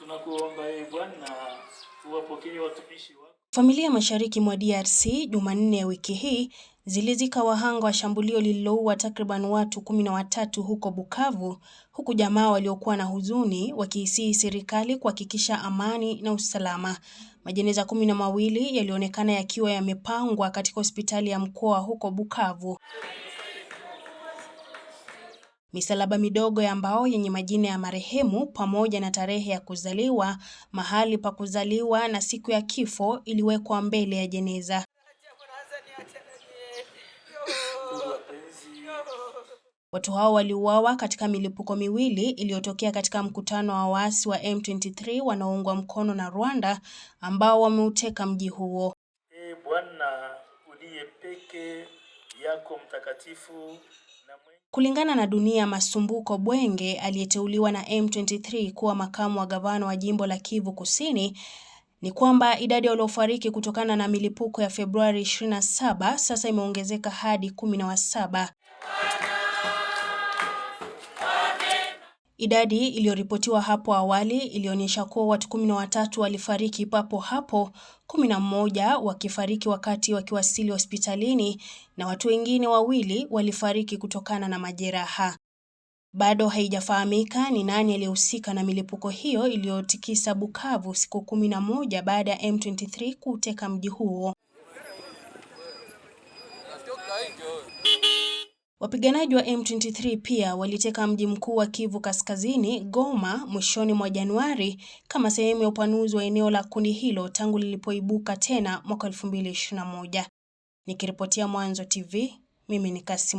Tunakuomba e Bwana uwapokee watumishi wako. Familia mashariki mwa DRC Jumanne ya wiki hii zilizika wahanga wa shambulio lililoua takriban watu kumi na watatu huko Bukavu, huku jamaa waliokuwa na huzuni wakiisihi serikali kuhakikisha amani na usalama. Majeneza kumi na mawili yalionekana yakiwa yamepangwa katika hospitali ya mkoa huko Bukavu misalaba midogo ya mbao yenye majina ya marehemu pamoja na tarehe ya kuzaliwa, mahali pa kuzaliwa na siku ya kifo iliwekwa mbele ya jeneza. Watu hao waliuawa katika milipuko miwili iliyotokea katika mkutano wa waasi wa M23 wanaoungwa mkono na Rwanda ambao wameuteka mji huo. E Bwana uliye peke yako mtakatifu Kulingana na Dunia Masumbuko Bwenge aliyeteuliwa na M23 kuwa makamu wa gavana wa jimbo la Kivu Kusini ni kwamba idadi ya waliofariki kutokana na milipuko ya Februari 27 sasa imeongezeka hadi 17. Idadi iliyoripotiwa hapo awali ilionyesha kuwa watu kumi na watatu walifariki papo hapo, kumi na mmoja wakifariki wakati wakiwasili hospitalini na watu wengine wawili walifariki kutokana na majeraha. Bado haijafahamika ni nani aliyehusika na milipuko hiyo iliyotikisa Bukavu siku kumi na moja baada ya M23 kuteka mji huo. Wapiganaji wa M23 pia waliteka mji mkuu wa Kivu Kaskazini, Goma, mwishoni mwa Januari kama sehemu ya upanuzi wa eneo la kundi hilo tangu lilipoibuka tena mwaka 2021. Nikiripotia Mwanzo TV, mimi ni Kasi